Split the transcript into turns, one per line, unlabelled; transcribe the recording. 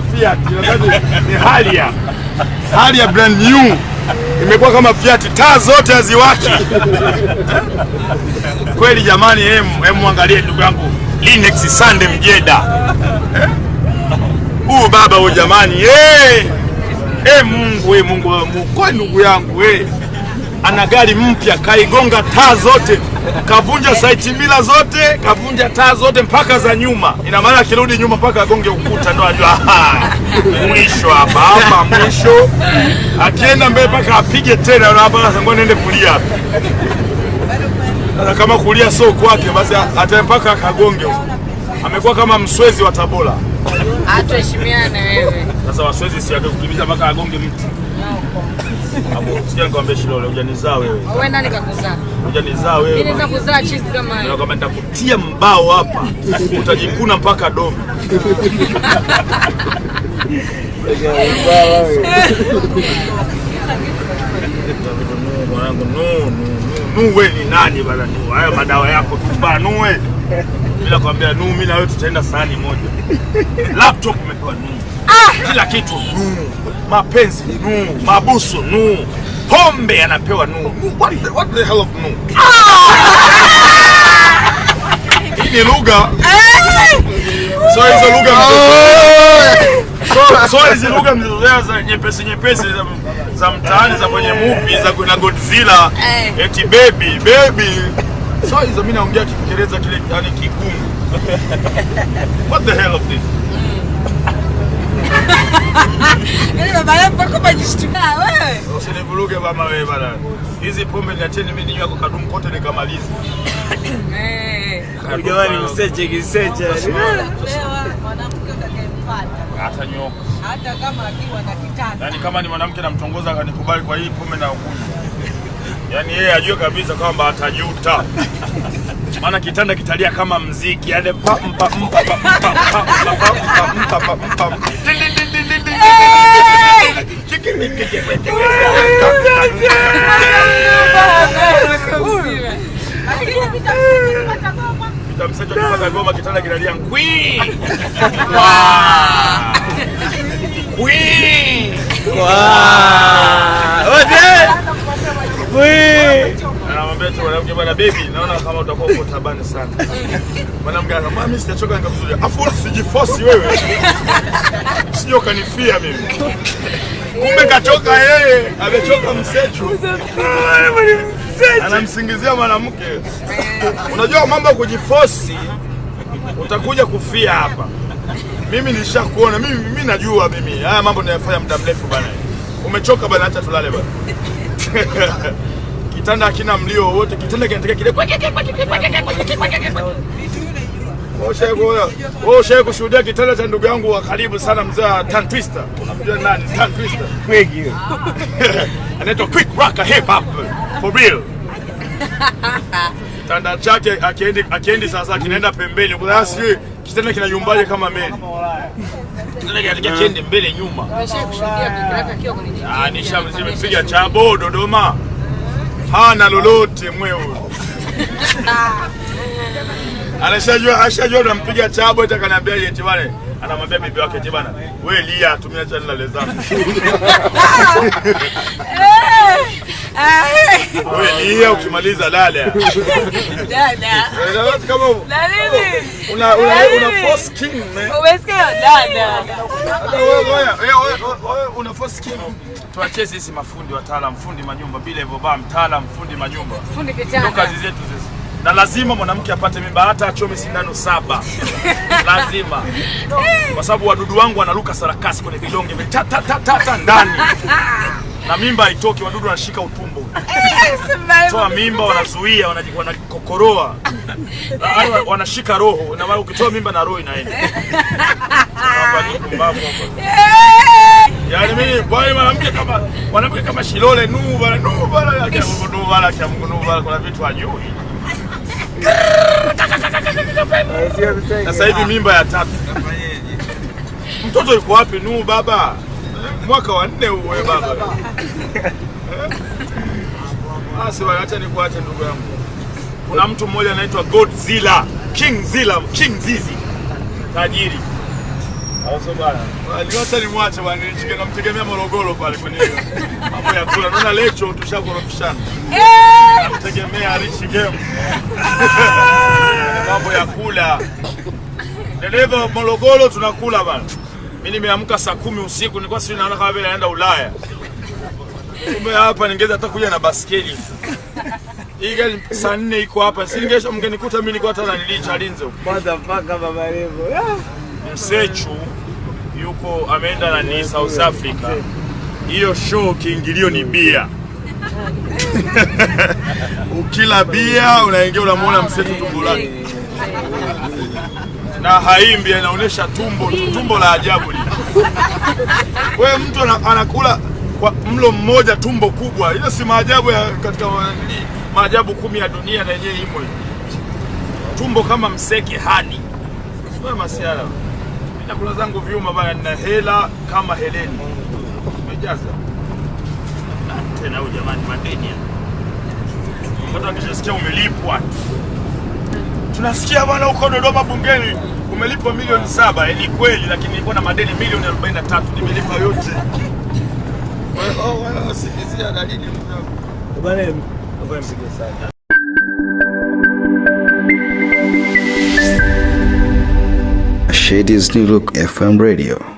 Fiat ni Harrier. Harrier brand new imekuwa kama Fiat, taa zote haziwaki kweli jamani, mwangalie ndugu yangu Linux Sande Mjeda huu baba huyu jamani, hey! Eh, eh, hey, Mungu hey, eh, Mungu, Mungu kwa ndugu yangu hey! Ana gari mpya kaigonga taa zote kavunja saiti mila zote, kavunja taa zote mpaka za nyuma. Ina maana akirudi nyuma mpaka agonge ukuta ndo ajua mwisho hapa hapa mwisho. Akienda mbele mpaka apige tena, hapa ngoja niende kulia Sasa kama kulia sio kwake, basi hata mpaka akagonge Amekuwa kama mswezi wa Tabora.
Hatuheshimiane wewe.
Sasa waswezi si wake kukimbiza mpaka agonge mtu. Nikwambia Shilole, nitakutia mbao hapa utajikuna mpaka domo. Mwanangu, nu ni nani bana? haya madawa yako nuwe bila kuambia nu mimi na wewe tutaenda sahani moja. Laptop umepewa Nuhu, ah! kila kitu nuu mapenzi nu mabusu nu pombe anapewa nu What the, what the hell of Nuhu? Ah! Ni lugha so hizo lugha so hizo lugha mlizozoea za nyepesi nyepesi za mtaani za kwenye movie za kuna Godzilla, eh. eti baby baby Saa hizo mimi naongea Kiingereza kile yani kigumu. What the hell of this?
Ile yaani baba yako kwa kujishtuka ah, wewe.
Usinivuruge mama wewe bana. Hizi pombe ni acheni mimi ninywe kadumu kote nikamaliza.
Eh. Jamani mseche kiseche. Ah, mwanamke
Hata nyoka.
Hata kama akiwa na kitanda.
Yaani kama ni mwanamke namtongoza akanikubali kwa hii pombe na ukunywa yaani yeye ajue kabisa kwamba atajuta maana kitanda kitalia kama mziki yani pa goma kitanda kinalia nkwi nkwi anamwambia tu mwanamke, wewe, sio kanifia mimi. Kumbe kachoka yeye, amechoka msechu, anamsingizia mwanamke. Unajua mambo ya kujifosi, utakuja kufia hapa. Mimi nishakuona mimi, mimi najua mimi haya mambo nayafanya muda mrefu bana. Umechoka bana, acha tulale bana. kitanda hakina mlio wote, kitanda kinataka kile Ushawahi kushuhudia kitanda cha ndugu yangu wa karibu sana mzee wa Tan Twister? Unamjua nani Tan Twister? Quick you. Anaitwa Quick Rocker Hip Hop for real. Kitanda chake akiendi akiendi sasa kinaenda pembeni. Kwa sababu kitanda kinayumbaje kama meli katika chende mbele nyuma, ah, nishampiga chabo Dodoma, hana lolote mwewe anashajua ashajua, nampiga chabo eti kaniambia eti bale, anamwambia bibi wake eti bana, wewe lia, tumia chani la lezama Wewe ukimaliza dada.
Dada. Kama la nini?
Una una una force skin.
Umesikia dada.
Una force skin. Tuachie sisi mafundi wataalamu, fundi manyumba bila hivyo ba mtaalamu fundi manyumba.
Fundi Ndio kazi zetu sisi.
Na lazima mwanamke apate mimba hata achome sindano saba. Lazima. Kwa sababu wadudu wangu wanaruka sarakasi kwenye vidonge ta ta ta ta ndani. na mimba haitoki, wadudu wanashika utumbo, toa mimba wanazuia, wanakokoroa, wanashika roho, na ukitoa mimba na roho inaenda. Yaani mimi bwana, mwanamke kama mwanamke kama Shilole Nubala, Nubala, Nubala, Nubala, kuna vitu hajui. Sasa hivi mimba ya tatu, mtoto yuko wapi? Nu baba mwaka wa nne huo wewe eh, baba. Basi ah, wacha nikuache ndugu yangu. Kuna mtu mmoja anaitwa Godzilla, King Zilla, King Zizi. Tajiri. Auso bwana. Aliwacha nimwache bwana, nishike namtegemea Morogoro pale kwenye mambo ya kula. Naona lecho tushakorofishana. Eh! Namtegemea Rich Game. Ah! Mambo ya kula. Dereva Morogoro tunakula bwana. Mimi nimeamka saa kumi usiku, nilikuwa sijui naona kama vile naenda Ulaya, kumbe hapa ningeweza hata kuja na baskeli hii gari saa nne iko hapa, Si singesha mngenikuta mimi niko hata nanilii Chalinze huko.
Motherfucker, baba Levo ah.
Msechu yuko ameenda na ni South Africa, hiyo show kiingilio ni bia ukila bia unaingia, unamuona Msechu tumbo lake na haimbi, anaonyesha tumbo tumbo la ajabu. Wewe mtu anakula kwa mlo mmoja tumbo kubwa, hiyo si maajabu ya katika maajabu kumi ya dunia, na yenyewe imo tumbo kama mseke hani sio Mimi nakula zangu vyuma bana, nina hela kama heleni umejaza
tena. Huyu jamani, madeni
hata kishasikia umelipwa tunasikia bwana, huko Dodoma bungeni umelipwa milioni saba. Eh, ni kweli, lakini nilikuwa na madeni milioni 43 nimelipa yote.
Shades New Look FM Radio.